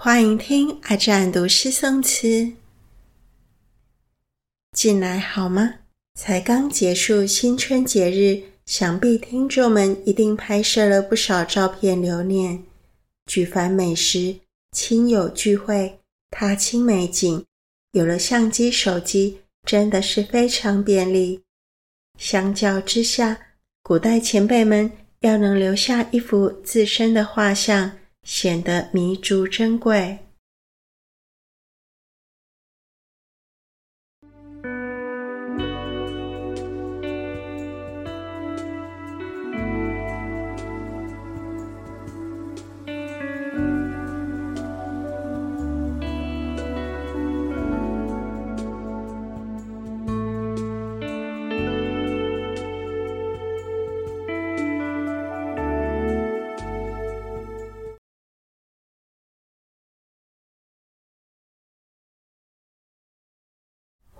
歡迎聽阿占讀詩誦詞，近來好嗎？才剛結束新春節日，想必聽眾們一定拍攝了不少照片留念。舉凡美食、親友聚會、踏青美景，有了相機、手機，真的是非常便利。相較之下，古代前輩們要能留下一幅自身的畫像，顯得彌足珍貴。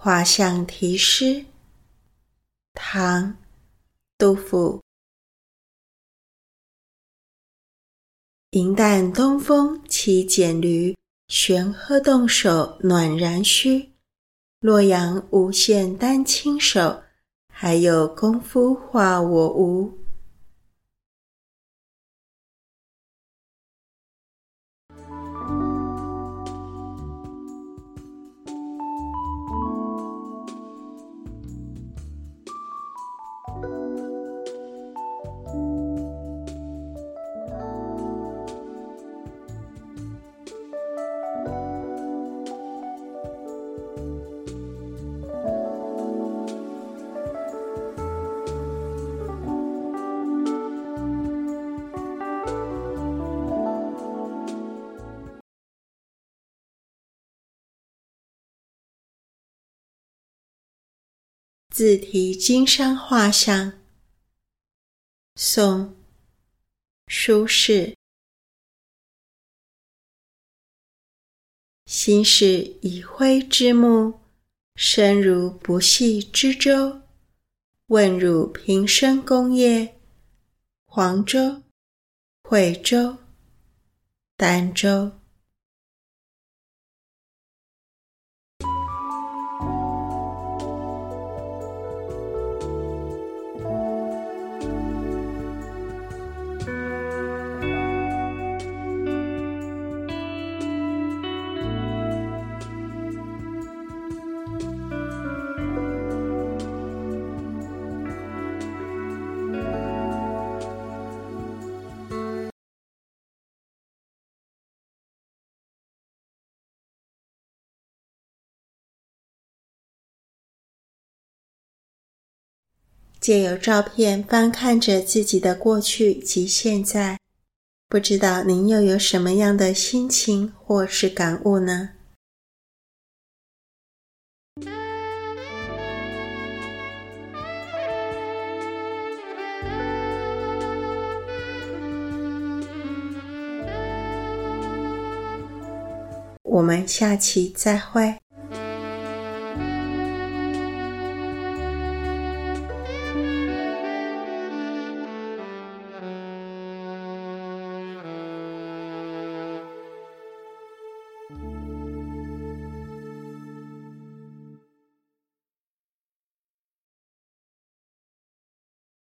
畫像題詩，唐，杜甫。迎旦東風騎蹇驢，旋呵凍手暖髯須。洛陽無限丹青手，還有功夫畫我無。自題金山畫像，宋·蘇軾。心似已灰之木，身如不繫之舟。問汝平生功業，黃州、惠州、儋州。借由照片翻看着自己的過去及現在，不知道您又有什麼樣的心情或是感悟呢？我們下期再會。